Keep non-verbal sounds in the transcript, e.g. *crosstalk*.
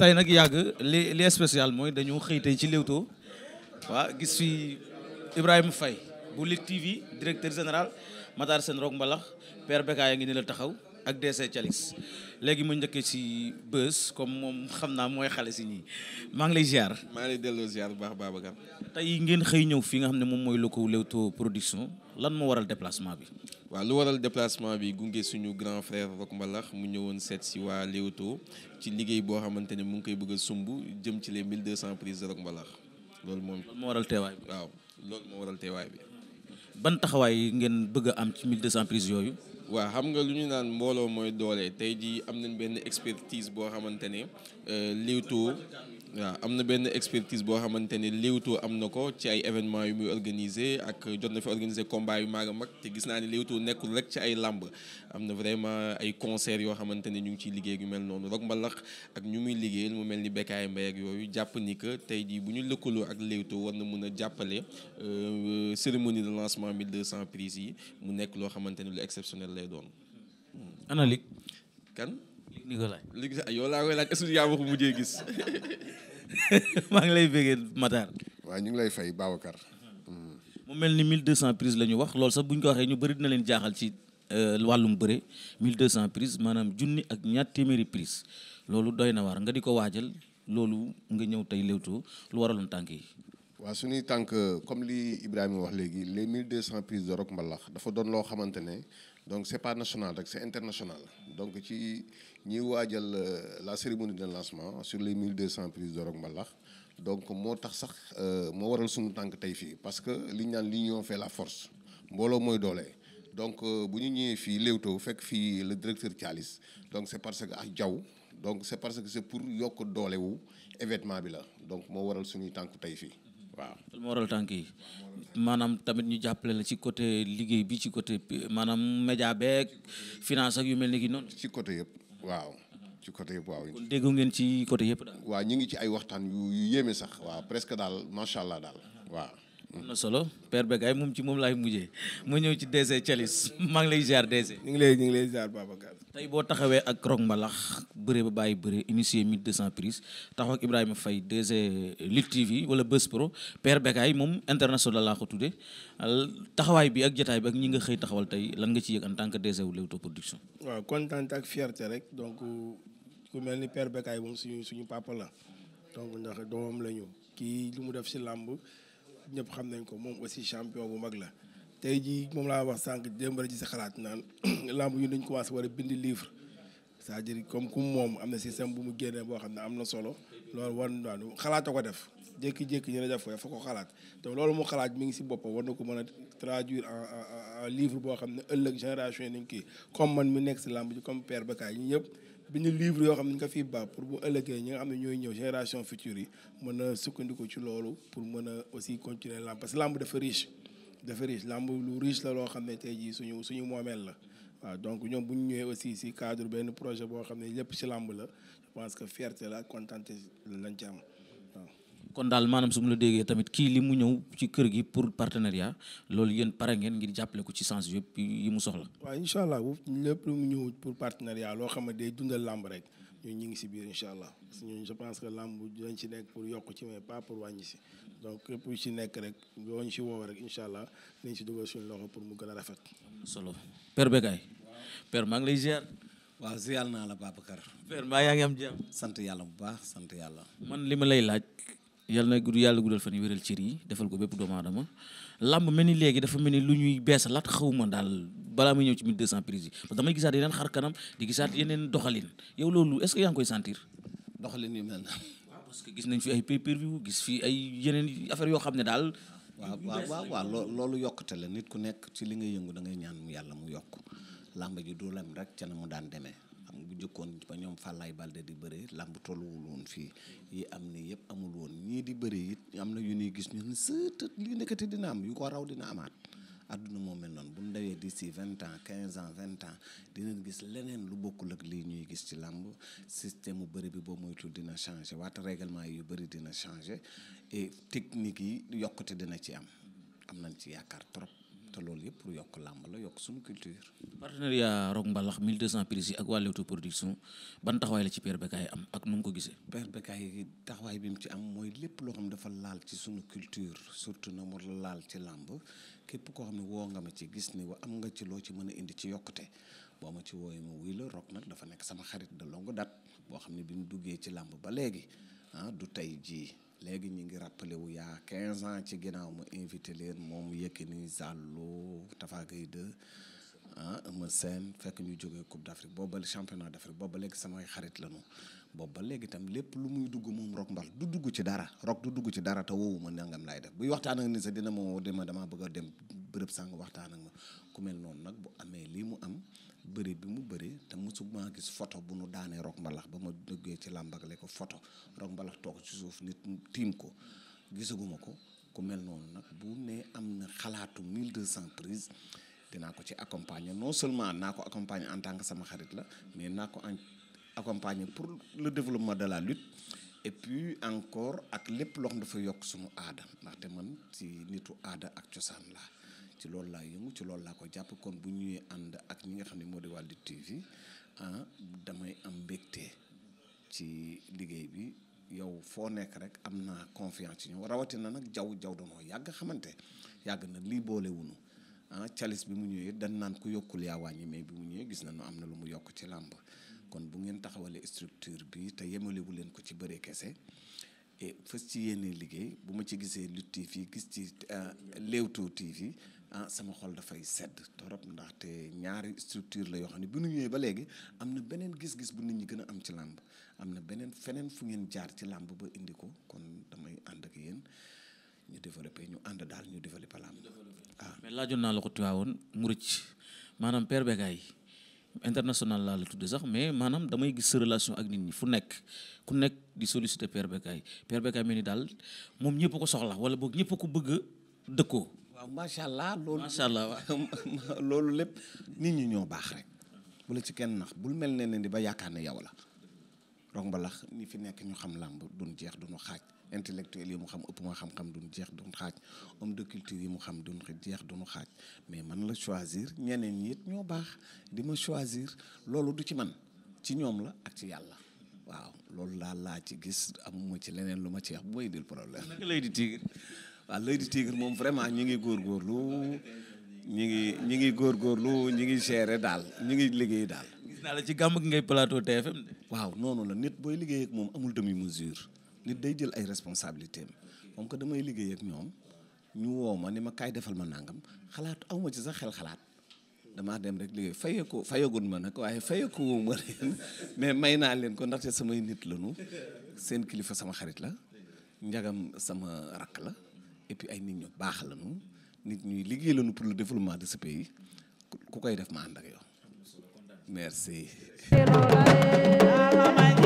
tey nag yàgg li li spécial mooy dañoo xëy ci Leewtoo waa gis fi Ibrahima fay bu Lutte TV directeur général Matar seen Rock Mbalax père Bekaay a ngi ni la taxaw ak DC Thialix léegi ma njëkkee si bës comme moom xam naa mooy xale si nii maa ngi lay ziar. maa ngi lay delloo ziar bu baax Babacar. tey ngeen xëy ñëw fii nga xam ne moom mooy loko Leewtoo production lan moo waral déplacement bi. waaw lu waral déplacement bi gunge suñu grand frère Rock Mbalax mu ñëwoon seet si waa Leewtoo ci liggéey boo xamante ne mu ngi koy bëgg a sumb jëm ci les 1200 prises de Rock Mbalax loolu moom. loolu moo waral teewaay bi waaw loolu moo waral teewaay bi. ban taxawaay ngeen bëgg am ci 1200 yooyu. waa xam nga lu ñu naan mbooloo mooy doole tey jii am nañ benn expertise boo xamante ne euh, Leewtoo waaw am na benn expertise boo xamante ne Leewtoo am na ko ci ay événement yu muy organisé ak jot na fi organisé combat yu mag a mag te gis naa ne Leewtoo nekkul rek ci ay làmb am na vraiment ay concert yoo xamante ne ñu ngi ciy liggéey yu mel noonu rek mbalax ak ñu muy liggéeyal mu mel ni Bécaye Mbaye ak yooyu jàpp ni que tey jii bu ñu lëkkaloo ak Leewtoo war na mun a jàppale euh, cérémonie de lancement 1200 prises yi mu nekk loo xamante ne lu exceptionnel lay doon. Hmm. ana lig kan. lig ko laaj lig yow laa koy laaj est-ce que gis. *laughs* maa ngi lay bëggee Matar. waaw ñu ngi lay fay Babacar. Hmm. mu mel ni mille 1200 prises la ñu wax loolu sax bu ko waxee ñu bëri dina leen jaaxal ci euh, wàllum bëre cent prises maanaam junni ak ñaar téeméeri prises loolu doy na waar nga di ko waajal loolu nga ñëw tey Leewtoo lu waraloon tànk yi. waaw suñuy tànk comme li Ibrahima wax léegi les deux 1200 prises de rock mbalax dafa doon loo xamante ne donc c'est par national rek c'est international donc ci ñiy waajal euh, la cérémonie de lancement sur les 1200 prises de rock mbalax donc moo tax sax euh, moo waral suñu tànk tey fii parce que li ñu naan l'union fee la force mbooloo mooy doole. donc euh, bu ñu ñëwee fii Leewtoo fekk fii le directeur Thialis donc c'est parce que ak jaww donc c'est parce que c'est pour yokk doole wu événement bi la donc moo waral suñuy tànk tey fii. waaw moo tànk yi maanaam tamit ñu jàppale la ci côté liggéey bi ci côté maanaam média beeg finance ak yu mel ni ki noonu ci côté yëpp waaw ci côté yëpp waaw kon ngeen ci côté yëpp daal ñu ngi ci ay waxtaan yu yéeme sax waaw presque daal macha allah daal waaw am na solo Père Becaye moom ci moom laay mujjee ma ñëw ci DG Thialis *laughs* maa ngi lay ziar DG. ñu ngi lay ñu ngi lay ziar Babacar. tey boo taxawee ak Rock Mbalax bëre ba bàyyi bëre initié 1200 prises taxaw ak Ibrahima Faye ko tuddee taxawaay bi ak jotaay bi ak ñi nga xëy taxawal tey lan nga ci yëg en tant que DG wu Leewtoo production. waaw kontaan ak fierté rek donc ku mel ni Père Becaye moom suñu suñu papa la donc ndax doomam la kii lu mu def si làmb. ñëpp xam nañ ko moom aussi champion bu mag la tey jii moom laa wax sànq démb rek ci sa xalaat naan lamb yu dañ commencé war a bind livre c'est-à-dire comme ku moom am na système bu mu génnee boo xam ne am na solo loolu war na xalaat ko def jékki-jékki ñu def ko dafa ko xalaat te loolu mu xalaat mi ngi si boppam war na ko mën a traduire en en livre boo xam ne ëllëg génération yi nañ kii comme man mu nekk si lamb ji comme ba Bakaay ñi ñëpp. bind livre yoo xam ne nga fi fiy baax pour bu ëllëgee ñi nga xam ne ñooy ñëw génération future yi mën a sukkandiku ci loolu pour mën a aussi continuer làmb parce que làmb dafa riche dafa riche làmb lu riche la loo xam ne tey jii suñu suñu moomeel la waaw donc ñoom bu ñu ñëwee aussi si cadre benn projet boo xam ne lépp ci làmb la je pense que fierté la ak kontaan lañ ci am kon daal maanaam su mu la déggee tamit kii li mu ñëw ci kër gi pour partenariat loolu yéen pare ngeen ngir jàppale ko ci sens yëpp yi mu soxla. waaw incha allah lépp lu mu ñëw pour partenariat loo xam ne dundal làmb rek ñun ñu ngi si biir incha allah parce que ñun je pense que làmb dinañ si nekk pour yokk ci mais pas pour wàññi si donc képp lu si nekk rek loo ñu si woowee rek incha allah nañ si dugal suñu loxo pour mu gën a rafet. solo Père Bécaye. per maa ngi lay ziar. waaw ziar naa la Babacar. Père maa yaa ngi am jàmm. sant yàlla bu baax sant yàlla. man li ma lay laaj. yal na gudd yàlla guddal fan yi wéral cër yi defal ko bépp doomu aadama làmb mel ni léegi dafa mel ni lu ñuy beesalaat xawma daal balaa muy ñëw ci 1200 prises yi parce que damay gisaat yeneen xar kanam di gisaat yeneen doxalin yow loolu est-ce koy sentir. doxalin yu mel na. parce que gis nañ fi ay pay-per-view gis fi ay yeneen affaire yoo xam ne daal. waaw waaw waaw loolu yokkute la nit ku nekk ci li ngay yëngu dangay ñaan mu yàlla mu yokk làmb ji du lem rek ca na mu daan demee. bu jëkkoon ba ñoom Fallaye Balde di bëre làmb tolluwul woon fii yi am ni yëpp amul woon ñii di bëre it am na yu ñuy gis ñu ne sëtët lii nekkati dina am yu ko raw dina amaat adduna moom mel noonu bu ñu dawee d'ici vingt ans quinze ans vingt ans dinañ gis leneen lu bokkul ak lii ñuy gis ci làmb système mu bëri bi boo moytul dina changé waata règlement yu bëri dina changé et technique yi yokkute dina ci am am nañ ci yaakaar trop. te loolu yëpp pour yokk làmb la yokk suñu culture. partenariat Rock Mbalax 1200 yi ak waa production ban taxawaay la ci Père Bécaye am ak nu mu ko gisee. Père Bécaye taxawaay bi mu ci am mooy lépp loo xam ne dafa laal ci suñu culture surtout na mu laal ci làmb képp koo xam ne woo nga ma ci gis ni am nga ci loo ci mën a indi ci yokkute. boo ma ci wooyee ma wuy la Rock nag dafa nekk sama xarit de longue date boo xam ne bi mu duggee ci làmb ba léegi ah du tey jii. léegi ñu ngi rappelé wu yaa 15 ans ci ginnaaw mu invité leen moom Yékini Zallo Tafa Gueye 2 ah Eumeu Sène fekk ñu jógee Coupe d'Afrique booba championnat d'Afrique booba léegi samay xarit la lañu booba léegi itam lépp lu muy dugg moom Rock Mbal du dugg ci dara Rock du dugg ci dara te woowu ma nangam laay def buy waxtaan ak ni sa dina moo woo dama damaa bëgg a dem bërëb sàng waxtaan ak ma ku mel noonu nag bu amee lii mu am. bëri bi mu bëri te mosuma gis photo bu nu daanee Rock Mbalax ba ma dëggee ci làmbagale ko photo Rock Mbalax toog ci suuf nit tiim ko gisaguma ko ku mel noonu nag bu ne am na xalaatu 1200 prises dinaa ko ci accompagner non seulement naa ko accompagner en tant que sama xarit la mais naa ko accompagner pour le développement de la lutte et puis encore ak lépp loo xam dafa yokk sumu aada ndaxte man si nitu aada ak cosaan laa ci loolu laa yëngu ci loolu laa ko jàpp kon bu ñuy ànd ak ñi nga xam ne moo di waa Lutte TV ah damay am mbégte ci liggéey bi yow foo nekk rek am naa confiance ci ñoom rawatina nag jaww jaw danoo yàgg xamante yàgg na lii boole wunu ah calis bi mu ñëwee dan naan ku yokkul yaa wàññi mais bi mu ñëwee gis nañu am na lu mu yokk ci làmb kon bu ngeen taxawalee structure bi te yemalewu leen ko ci bëree kese et fës ci yéene liggéey bu ma ci gisee Lutte TV gis ci ah, Leewtoo TV ah sama xol dafay sedd torop ndaxte ñaari structure la yoo xam ne bu nu ñëwee ba léegi am na beneen gis-gis bu nit ñi gën a am ci làmb am na beneen feneen fu ngeen jaar ci làmb ba indi ko kon damay ànd ak yéen ñu développé ñu ànd daal ñu développé làmb ah. mais laajoon naa la ko tuwaawoon mu rëcc maanaam Père Bécaye international laa la tudde sax mais maanaam damay gis sa relation ak nit ñi fu nekk ku nekk di solliciter Père Bécaye Père Bécaye mel ni daal moom ñëpp ko soxla wala boog ñëpp ko bëgg a dëkkoo. waaw macha allah loolu macha allah *laughs* loolu lépp nit ñi ñoo baax rek bu la ci kenn nax bul mel ne ne di ba yaakaar ne yow la rog mbalax ni fi nekk ñu xam làmb duñ jeex dunu xaaj intellectuel yi mu xam ëpp ma xam-xam duñ jeex duñ xaaj homme de culture yi mu xam duñ jeex duñu xaaj mais man la choisir ñeneen ñi ñoo baax di ma choisir loolu du ci man ci ñoom la ak ci yàlla waaw loolu daal laa ci gis amuma ci leneen lu ma ci bu may dil problème naka lay di tigir waa l'Oeil du Tigre moom vraiment ñu ngi góor góorgóorlu ñu ngi ñu ngi góorgóorlu ñu ngi gérer daal ñu ngi liggéey daal. gis la ci gàmm gi ngay palaato TFM de. waaw noonu la nit booy liggéey moom amul demi mesure nit day jël ay responsabilités am moom damay liggéey ak ñoom ñu woo ma ni ma kaay defal ma nàngam xalaat aw ma ci sax xel xalaat. damaa dem rek liggéey fayeeku fayagun ma nag waaye fayeeku ma leen *laughs* mais may naa leen ko ndaxte samay nit lañu seen kilifa sama xarit la njagam sama rakk la et ay nit ñu baax lañu nit ñuy liggéey lañu pour le développement de ce ku koy def ma ànd ak yow merci